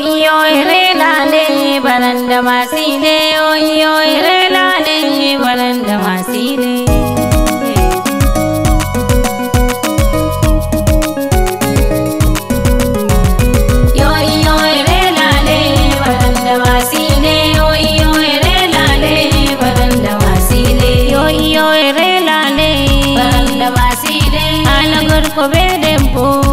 iyo ire lale baranda masile o iyo ire baranda masile Yo yo yo yo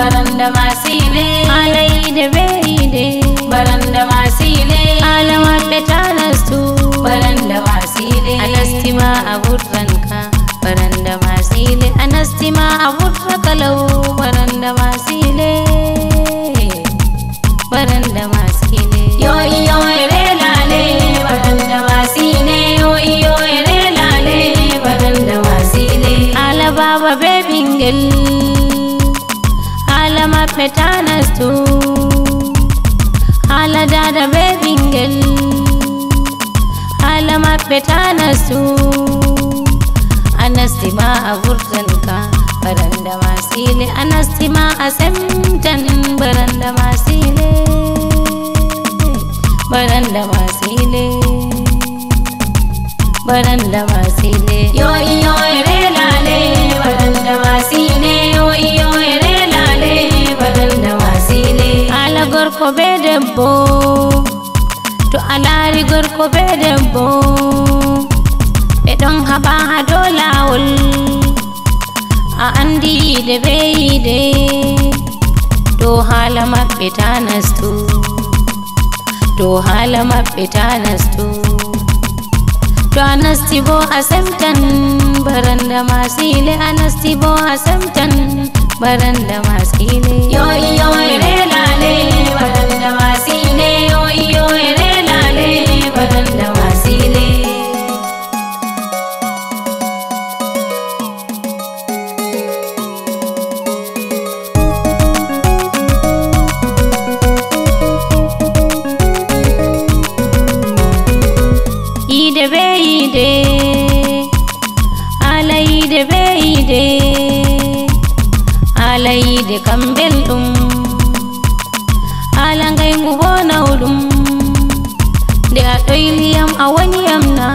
baranda masile alaide beide baranda masile alawabbe talastu baranda masile anastima aburranka baranda masile anastima aburrakalau baranda masile fita na su anastima a ka baranda masile anastima a santan baranda masile baranda masile baranda masile yo yo re lale baranda masile yo yo re lale baranda masile ala gorko be debbo a laari gorko be debbo ɓe ɗon haɓa haa dow laawol a andi yiide be yiide dow haala maɓɓe taa nastu dow haala maɓɓe ta nastu to a nasti bo a semtan baranda ma a nasti bo a semtan baranda ma dikam belɗum haala ngaygu bo nawɗum nde a ɗoyliyam a woniyam na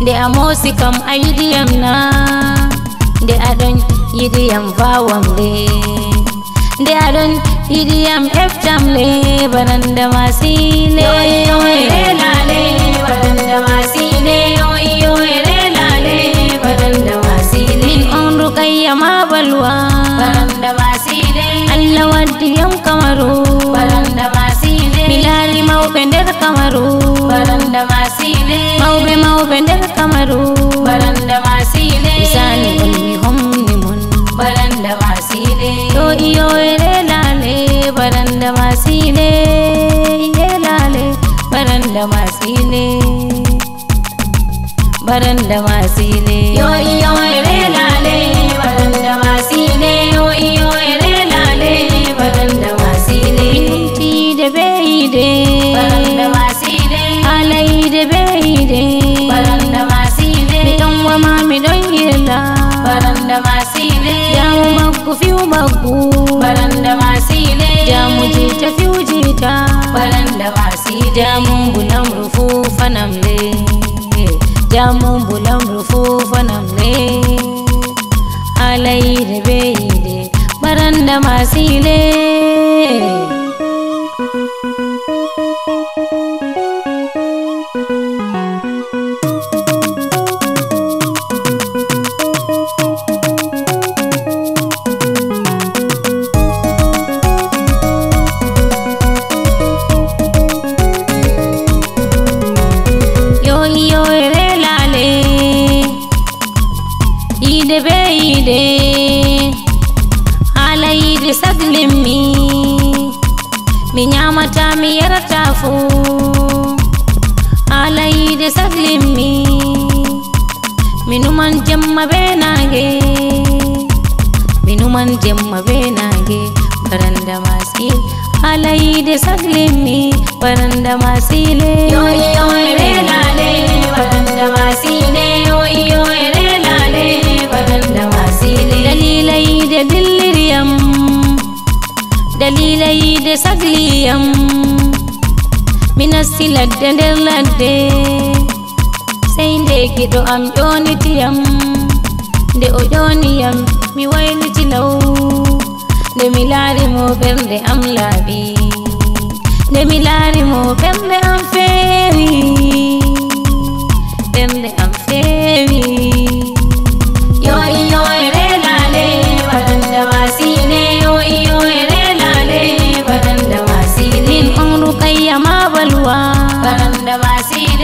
nde a mosi kam a yiɗiyam na nde aɗon yiɗiyam fawam le nde aɗon yiɗiyam heftam le banandama le. sile mauɓe mauɓe nder kamaru baranda ma sile isani on homni mon baranda ma sile ɗo iyoyre lale baranda ma sile ye lale baranda ma baranda ma sile yo iyoyre lale baranda ma sile yo iyoyre lale baranda ma sile tide be ide ku fiw maggu baranda masile jamu jita fiw jita baranda masile jamun bulam rufu fanamle jamun bulam rufu fanamle alai da bai da baranda masile عفو علي دي سلمي منو من جم بيناغي منو من جم بيناغي برند ماسيل علي دي سلمي برند nasti ladde nder ladde sey ndegiɗo am ƴonitiyam nde o ƴoniyam mi waylitinaw nde mi laari mo ɓerde am laaɓi nde mi laari mo ɓerde am feeri ɓerde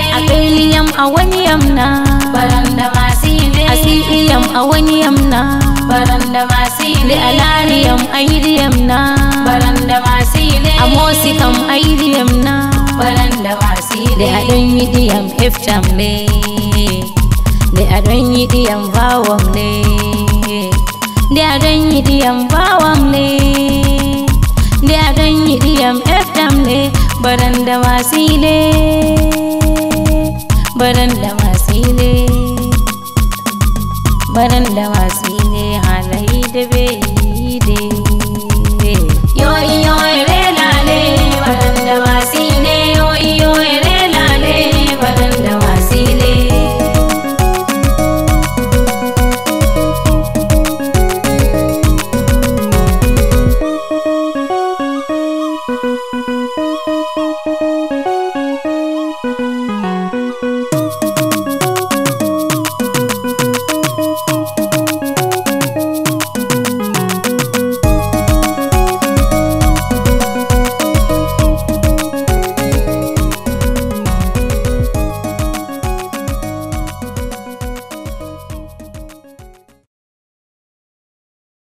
akai yam a wani yamna baranda masile asi yam a wani yamna baranda masile alani yam aidi yamna baranda masile amosi kam aidi yamna baranda masile da a adon yidi yam heftam ne da a adon yidi yam bawam ne da a adon yidi yam bawam ne da a adon yidi yam heftam ne baranda masile Baran da watsi ne barin da watsi ne halayi da be